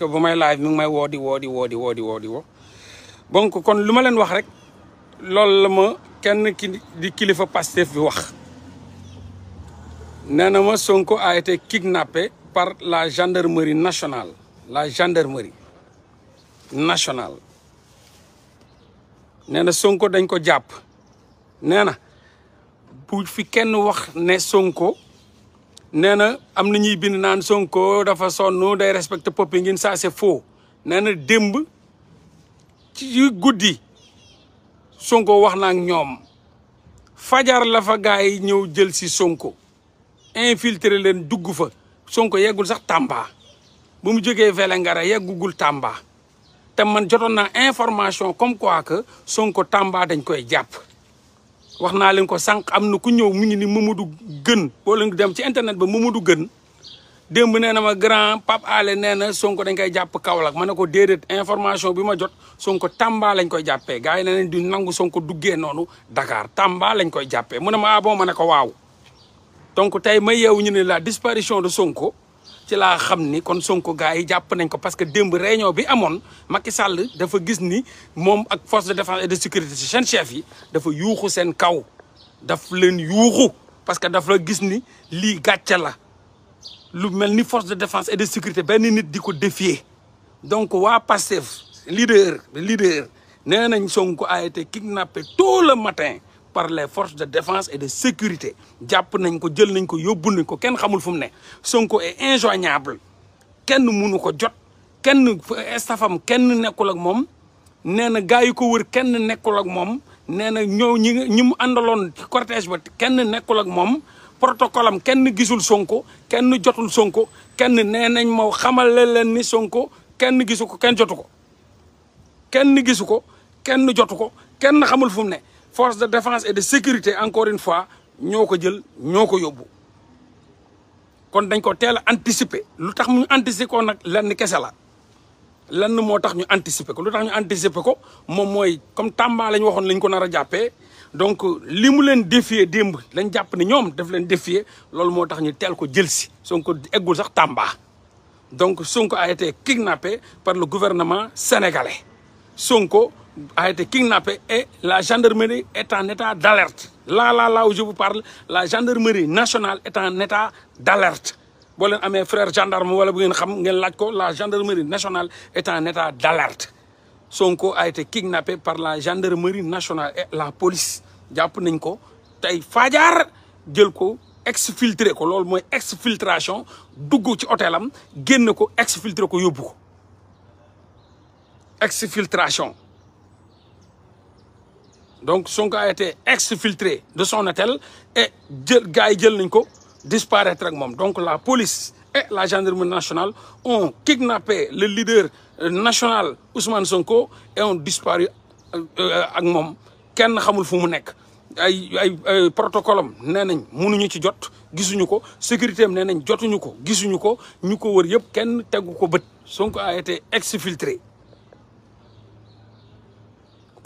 bu may live mi ngi may woo di woo di woo di woo di woo di kon lu ma leen wax rek loolu la ma kenn ki di kilifa paste bi wax nee na ma Sonko a été kidnappé par la gendarmerie nationale la gendarmerie nationale nee na Sonko dañ ko jàpp nee na bu fi kenn wax ne Sonko nee na am na ñuy bind naan Sonko dafa sonn day respecté Popenguine ça c'est faux nee na démb ci guddi Sonko wax na ñoom fajar la fa gars yi ñëw jël si Sonko infiltré leen dugg fa Sonko yeggul sax Tamba bu mu jógee Vélingara yeggugul Tamba te man jotoon naa information comme quoi que Sonko Tamba dañ koy jàpp. wax naa leen ko sànq am na ku ñëw mu ngi ni Mamadou Gën boo leen dem ci internet ba du Gën démb nee na ma grand Pape ale nee na Sonko dañ koy jàpp Kaolack ma ne ko déedéet information bi ma jot Sonko Tamba lañ koy jàppee gars yi nee nañ du nangu Sonko duggee noonu Dakar Tamba lañ koy jàppee mu ne ma ah ma ne ko waaw donc tey ma yeewu ñu ne la disparition de Sonko ci laa xam ni kon sonk gars yi jàpp nañ ko parce que démb réunion bi amoon Macky Sall dafa gis ni moom ak force de défense et de sécurité si seen chef yi dafa yuuxu seen kaw daf leen yuuxu parce que dafa gis ni lii gàcce la lu mel ni force de défense et de sécurité benn nit di ko défier donc waa Pastef leader leader nee nañ Sonko a été kidnappé tôt le matin par les forces de défense et de sécurité jàpp nañ ko jël nañ ko yóbbu nañ ko kenn xamul fu mu ne Sonko est injoignable kenn mënu ko jot kenn instafam kenn nekkul ak moom nee na gars yi ko wër kenn nekkul ak moom nee na ñoo ñi ñi mu àndaloon ci cortège ba kenn nekkul ak moom protocole am kenn gisul Sonko kenn jotul Sonko kenn nee nañ moo xamale leen ni Sonko kenn gisu ko kenn jotu ko kenn gisu ko kenn jotu ko kenn xamul fu mu ne force de défense et de sécurité encore une fois ñoo ko jël ñoo ko yóbbu kon dañ ko teel a anticiper lu tax mu anticiper ko nag lenn kese la lenn moo tax ñu anticiper ko lu tax ñu anticiper ko moom mooy comme Tamba la ñu waxoon lañ ko nar a jàppee donc li mu leen défier dimb lañ jàpp ne ñoom def leen défier loolu moo tax ñu teel ko jël si Sonko eggul sax Tamba donc Sonko a été kidnappé par le gouvernement sénégalais Sonko a été kidnappé et la gendarmerie est en état d'alerte. Là, la la où je par la gendarmerie nationale est en état d'alerte. boo leen amee frère gendarme wala bu ngeen xam ngeen laaj ko la gendarmerie nationale est en état d'alerte Sonko a été kidnappé par la gendarmerie nationale et la police jàpp nañ ko tey faajaar jël ko exfiltré ko loolu mooy exfiltration dugg ci hôtelam génn ko exfiltré ko yóbbu ko exfiltration donc Sonko a été exfiltré de son hôtel et jël gars yi jël nañ ko disparaître ak moom donc la police et la gendarmerie nationale ont kidnappé le leader national Ousmane Sonko et ont disparu euh, ak moom kenn xamul fu mu nekk. ay ay protocole am nee nañ mënuñu ci jot gisuñu ko sécurité am nee nañ jotuñu ko gisuñu ko ñu ko wër yëpp kenn tegu ko bët Sonko a été exfiltré.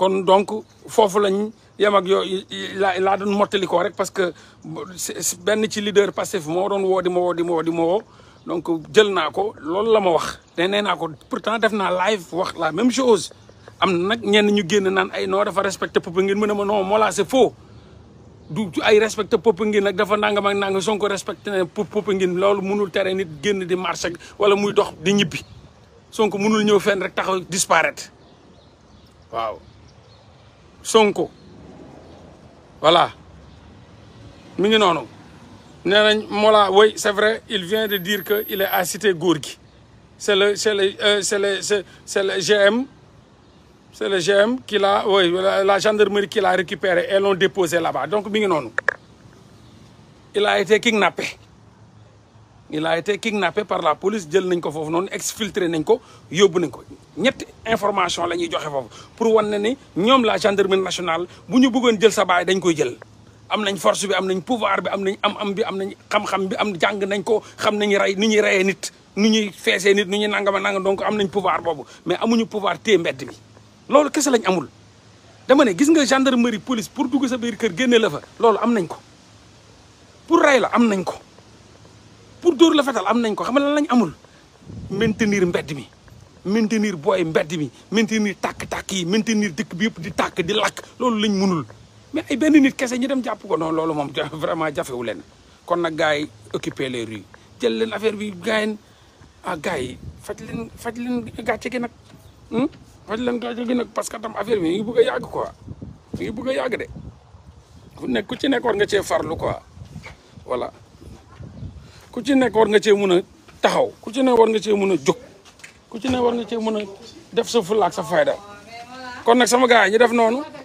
kon donc foofu lañ yem ak yooyu laa laa doon mottali ko rek parce que benn ci leader Pastef moo doon woo di ma woo di ma woo di ma woo donc jël naa ko loolu la ma wax te nee naa ko pourtant def naa live wax la même chose am na nag ñenn ñu génn naan ay noo dafa respecté peuple ngeen mën a ma non Mollah c'est faux du ay respecté peuple ngeen nag dafa nangam ak nangam Sonko respecté na peuple ngeen loolu mënul tere nit génn di marché wala muy dox di ñibbi Sonko mënul ñëw fenn rek taxaw disparaître waaw Sonko voilà mu ngi noonu nee nañ Mollah oui c'est vrai il vient de dire que il est à Cité Gorgui c'est le c'est le euh, c'est le GM c'est le GM qui l'a oui la gendarmerie qui l'a récupéré et l'ont déposé là-bas donc mi ngi noonu il a été kidnappé il a été kidnappé par la police jël nañ ko foofu noonu exfiltré nañ ko yóbbu nañ ko ñetti information la ñuy joxe foofu pour wan ne ni ñoom la gendarmerie nationale bu ñu bëggoon jël sa baay dañ koy jël am nañ force bi am nañ pouvoir bi am nañ am am bi am nañ xam bi am jàng nañ ko xam nañu rey ni ñuy reyee nit nu ñuy feesee nit nu ñuy nangama nangam donc am nañ pouvoir boobu mais amuñu pouvoir téye mbedd mi loolu kese lañ amul dama ne gis nga gendarmerie police pour dugg sa biir kër génne la fa loolu am nañ ko pour rey la am nañ ko dóor la fetal am nañ ko xam nga lan lañ amul maintenir mbedd mi maintenir booy mbedd mi maintenir tàkk-tàkk yi maintenir dëkk bi yëpp di takk di lakk loolu lañ mënul mais ay benn nit kese ñu dem jàpp ko non loolu moom vraiment jafewu leen kon nag gars yi occupé les rues jël leen affaire bi gars yi ah gars yi faj leen faj leen gàcce gi nag hmm? faj leen gàcce gi nag parce que tam affaire bi mi ngi bëgg a yàgg quoi mi ngi bëgg a yàgg de ku nekk ku ci nekkoon nga cee farlu quoi voilà ku ci nekk war nga cee mun a taxaw ku ci nekk war nga cee mun a jóg ku ci nekk war nga cee mun a def sa fulla ak sa fayda kon nag sama gars yi ñu def noonu